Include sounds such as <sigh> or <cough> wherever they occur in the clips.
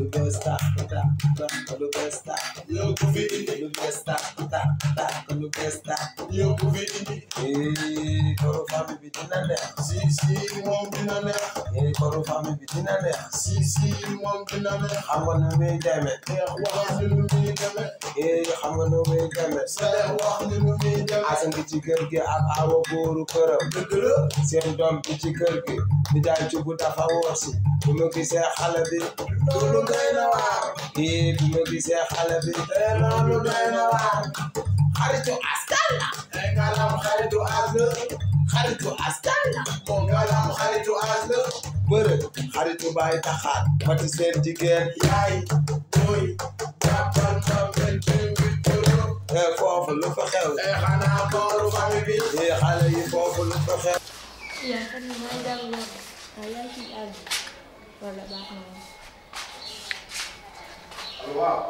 lu bees tàq tàq lu bees tàq yow ku fi indi lu bees tàq tàq tàq lu bees tàq yow ku fi indi eh koro famille bi dina neex si si moom dina neex eh koro famille bi dina neex si si moom dina neex xam nga nu muy demee neex wax ni nu muy demee eh xam nga nu muy demee seex wax ni nu muy demee asan ci kër gi ak awa góoru këram dëgg la seen doom bi ci kër gi di jaay ci bu dafa wóor si bu ma gisee xale bi loolu doy na waar eh bu ma gisee xale bi eh, loolu doy na waar xaritu askan la eh, ngalam xaritu aslo xaritu askan la moom ngalam xaritu aslo bëre xaritu baay taxaat fati seen jigéen yaay doy jàppal ma eh, foofu lu fa xew xanaa booru famille bi xale yi foofu lu fa xew wala baax na woon waaw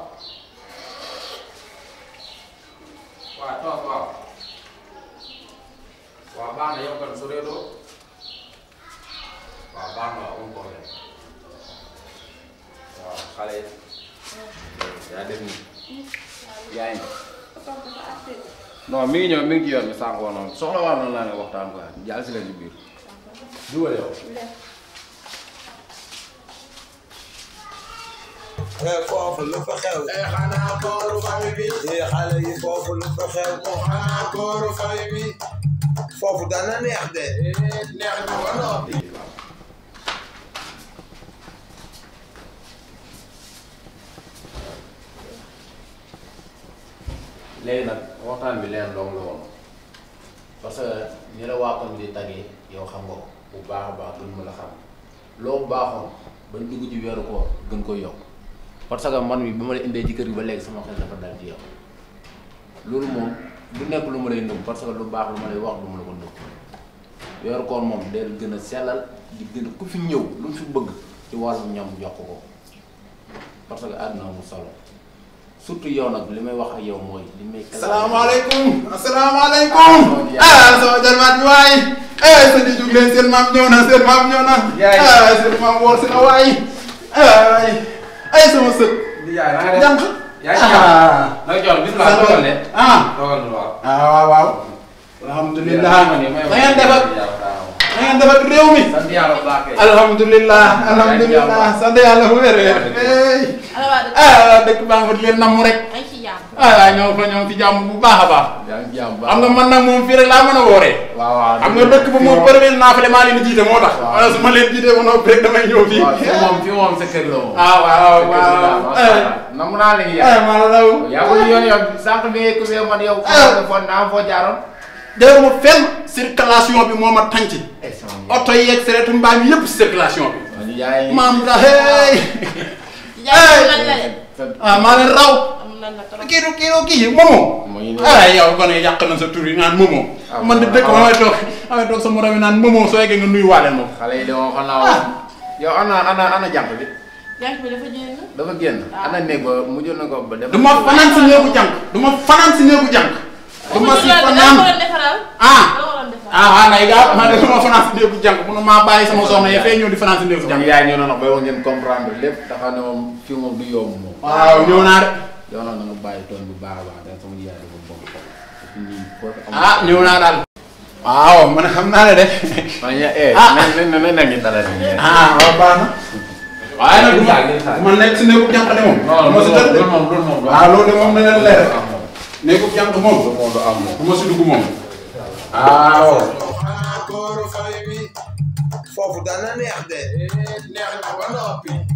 waaw toog waaw waaw na yow kon su dee doo waaw na waaw amul problème waaw xale yi yaa dem nii mi ngi mi ngi ci yoon bi na laa ne waxtaan ko jaal si la ci biir jubal foofu lu fa eh, bi. Eh, xale yi foofu lu fa eh, na ba la woon parce que ñi la waa yow xam nga ko bu baax a baax duñ mën a xam loo baaxoon bañ dugg ci weeru koor gën ko yokk. parce que man mi ba ma la indee ci kër gi ba léegi sama xel dafa dal ci yow loolu moom du nekk lu ma lay nëbb parce que lu baax lu ma lay wax du ma la ko nëbb weeru koor moom que àdduna yow nag wax ak yow mooy ah, eh, maam ñëw na seen maam ñëw na. yaay ah maam woor si na waay. Ah, ay sama sët. yaay ah waaw waaw. alhamdulilah. da defar réew mi. sant yàlla bu baax kay. alhamdulilah alhamdulilah sant yàlla bu di ah, leen namm rek. ah waaw ñoo fa ñoo ci jàmm bu baax a baax. xam nga man nag moom fii rek laa mën a wooree. waaw waaw xam nga dëkk ba moom premier naafale maa leen jiite moo tax. waaw wala su ma leen jiite ma noppi rek damay ñëw fii. waaw fii moom sa kër la moom. ah waaw waaw eh. namm naa leen yàlla. Eh, ah déwén mu fenn circulation bi moo ma tànc. oto yeeg seretu mbaam yëpp circulation bi. maam da hey. <laughs> ah maa leen raw. kii du kii du kii Momo. ah yow kon yàq na sa tur yi naan Momo. Ah, man de dëkk ma may toog ma may toog sa morom yi naan Momo soo yeggee nga nuyu waale moom. xale yi de moom xam naa ah. yow ana ana ana jànq bi. jànq bi dafa génn. dafa génn ah. ana néeg ba mujjoon na ko ba. dama fanaan si néegu jànq. dama fanaan si néegu jànq. yi gaa man de ma fanaan si néegu jànk mun maa bàyyi sama soxna yi fee ñëw di fanaan si néegu jànk yaay ñëw na nag bay wax ngeen comprendre lépp taxaw ne moom fii moom du yomb moom waaw ñëw naa de yow nag na nga bàyyi toon bu baax a baax da sama yaay dafa bon ah ñëw naa daal waaw man xam naa ne de eh, eh, ah na na ngeen dalal ah waaw baax na waaye nag man nekk si néegu jànk de moom moo si tëdd waaw ah, loolu de moom na leen leer néegu jànk moom du ma si dugg moom ah, waaw xanaa kóoru fay bi foofu dana neex de eh, neex na ba noppi